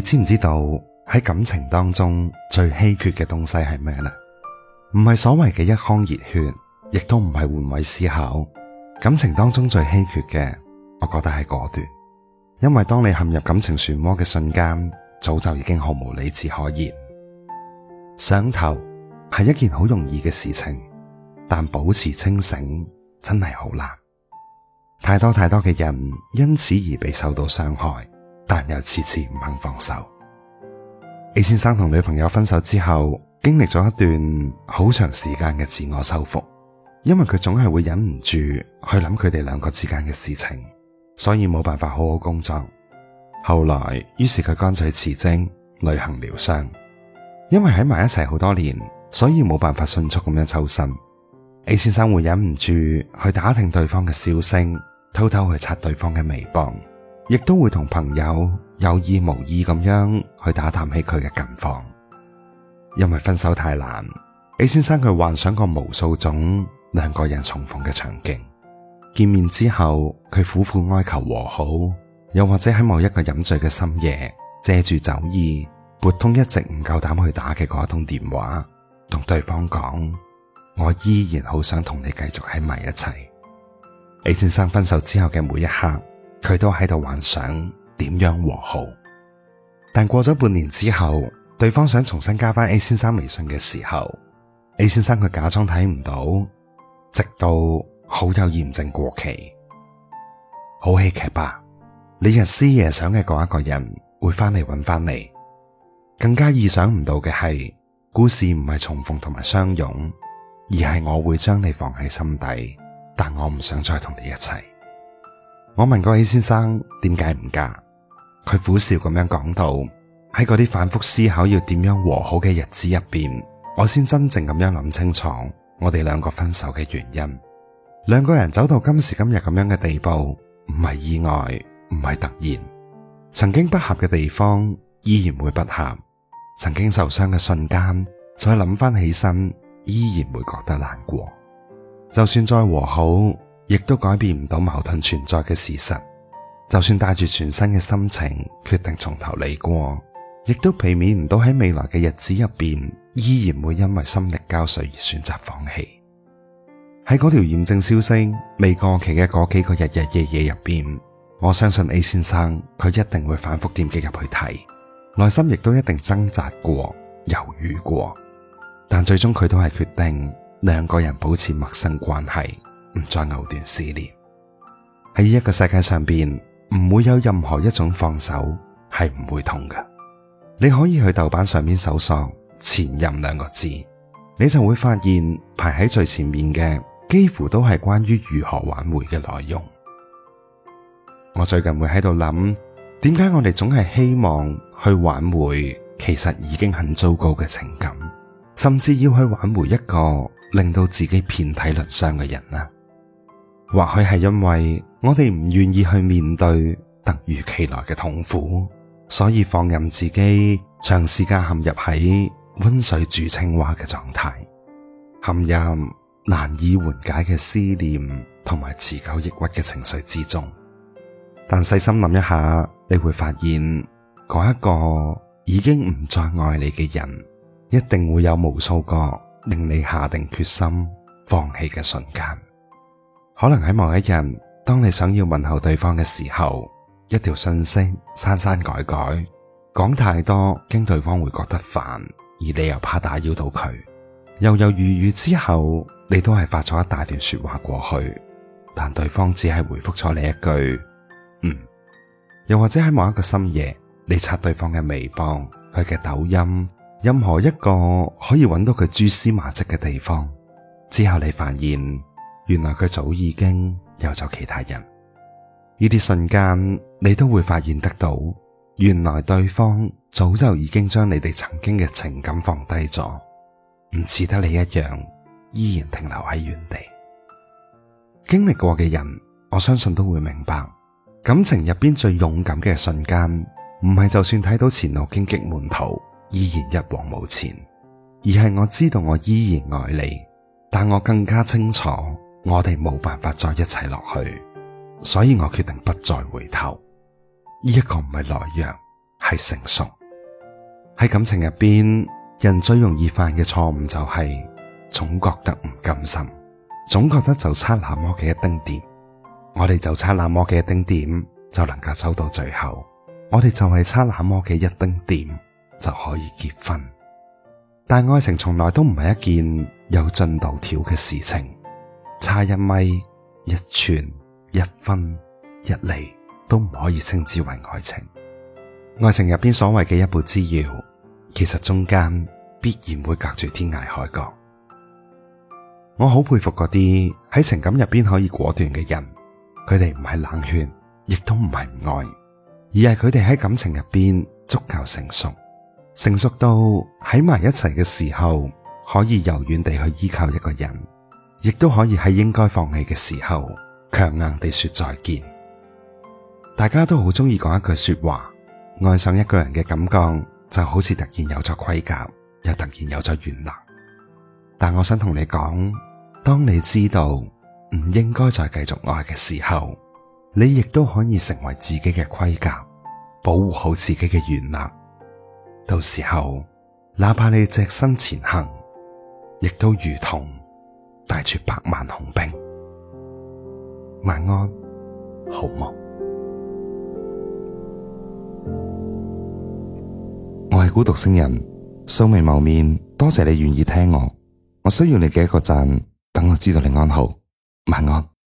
你知唔知道喺感情當中最稀缺嘅東西係咩咧？唔係所謂嘅一腔熱血，亦都唔係換位思考。感情當中最稀缺嘅，我覺得係果斷。因為當你陷入感情漩渦嘅瞬間，早就已經毫無理智可言。上頭係一件好容易嘅事情，但保持清醒真係好難。太多太多嘅人因此而被受到傷害。但又次次唔肯放手。A 先生同女朋友分手之後，經歷咗一段好長時間嘅自我修復，因為佢總係會忍唔住去諗佢哋兩個之間嘅事情，所以冇辦法好好工作。後來，於是佢乾脆辭職旅行療傷，因為喺埋一齊好多年，所以冇辦法迅速咁樣抽身。A 先生會忍唔住去打聽對方嘅笑聲，偷偷去刷對方嘅微博。亦都會同朋友有意無意咁樣去打探起佢嘅近況，因為分手太難。A 先生佢幻想過無數種兩個人重逢嘅場景，見面之後佢苦苦哀求和好，又或者喺某一個飲醉嘅深夜，借住酒意，撥通一直唔夠膽去打嘅嗰通電話，同對方講：我依然好想同你繼續喺埋一齊。A 先生分手之後嘅每一刻。佢都喺度幻想點樣和好，但過咗半年之後，對方想重新加翻 A 先生微信嘅時候，A 先生佢假裝睇唔到，直到好友驗證過期，好戲劇吧？你日思夜想嘅嗰一個人會翻嚟揾翻嚟，更加意想唔到嘅係，故事唔係重逢同埋相擁，而係我會將你放喺心底，但我唔想再同你一齊。我問過起先生點解唔嫁？佢苦笑咁樣講到：「喺嗰啲反覆思考要點樣和好嘅日子入邊，我先真正咁樣諗清楚我哋兩個分手嘅原因。兩個人走到今時今日咁樣嘅地步，唔係意外，唔係突然。曾經不合嘅地方依然會不合，曾經受傷嘅瞬間再諗翻起身，依然會覺得難過。就算再和好，亦都改變唔到矛盾存在嘅事實，就算帶住全新嘅心情決定從頭嚟過，亦都避免唔到喺未來嘅日子入邊依然會因為心力交瘁而選擇放棄。喺嗰條驗證消息未過期嘅嗰幾個日日夜夜入邊，我相信 A 先生佢一定會反復點擊入去睇，內心亦都一定掙扎過、猶豫過，但最終佢都係決定兩個人保持陌生關係。唔再藕斷絲連喺一個世界上邊，唔會有任何一種放手係唔會痛㗎。你可以去豆瓣上面搜索“前任”兩個字，你就會發現排喺最前面嘅幾乎都係關於如何挽回嘅內容。我最近會喺度諗，點解我哋總係希望去挽回，其實已經很糟糕嘅情感，甚至要去挽回一個令到自己遍體鱗傷嘅人呢？或許係因為我哋唔願意去面對突如其來嘅痛苦，所以放任自己長時間陷入喺溫水煮青蛙嘅狀態，陷入難以緩解嘅思念同埋持久抑鬱嘅情緒之中。但細心諗一下，你會發現嗰一個已經唔再愛你嘅人，一定會有無數個令你下定決心放棄嘅瞬間。可能喺某一日，當你想要問候對方嘅時候，一條信息刪刪改改，講太多，驚對方會覺得煩，而你又怕打擾到佢，猶猶豫豫之後，你都係發咗一大段說話過去，但對方只係回覆咗你一句，嗯。又或者喺某一個深夜，你刷對方嘅微博、佢嘅抖音，任何一個可以揾到佢蛛絲馬跡嘅地方，之後你發現。原來佢早已經有咗其他人，呢啲瞬間你都會發現得到，原來對方早就已經將你哋曾經嘅情感放低咗，唔似得你一樣依然停留喺原地。經歷過嘅人，我相信都會明白，感情入邊最勇敢嘅瞬間，唔係就算睇到前路荊棘滿途依然一往無前，而係我知道我依然愛你，但我更加清楚。我哋冇辦法再一齊落去，所以我決定不再回頭。呢一個唔係懦弱，係成熟。喺感情入邊，人最容易犯嘅錯誤就係總覺得唔甘心，總覺得就差那麼嘅一丁點，我哋就差那麼嘅一丁點就能夠走到最後，我哋就係差那麼嘅一丁點就可以結婚。但愛情從來都唔係一件有進度條嘅事情。差一米、一寸、一分、一厘，都唔可以稱之為愛情。愛情入邊所謂嘅一步之遙，其實中間必然會隔住天涯海角。我好佩服嗰啲喺情感入邊可以果斷嘅人，佢哋唔係冷血，亦都唔係唔愛，而係佢哋喺感情入邊足夠成熟，成熟到喺埋一齊嘅時候，可以柔軟地去依靠一個人，亦都可以喺應該放棄嘅時候，強硬地說再見。大家都好中意講一句說話，愛上一個人嘅感覺就好似突然有咗盔甲，又突然有咗軟肋。但我想同你講，當你知道唔應該再繼續愛嘅時候，你亦都可以成為自己嘅盔甲，保護好自己嘅軟肋。到時候，哪怕你只身前行，亦都如同，帶住百萬雄兵，晚安好夢。我係孤獨星人，素未謀面，多謝你願意聽我。我需要你嘅一個讚，等我知道你安好，晚安。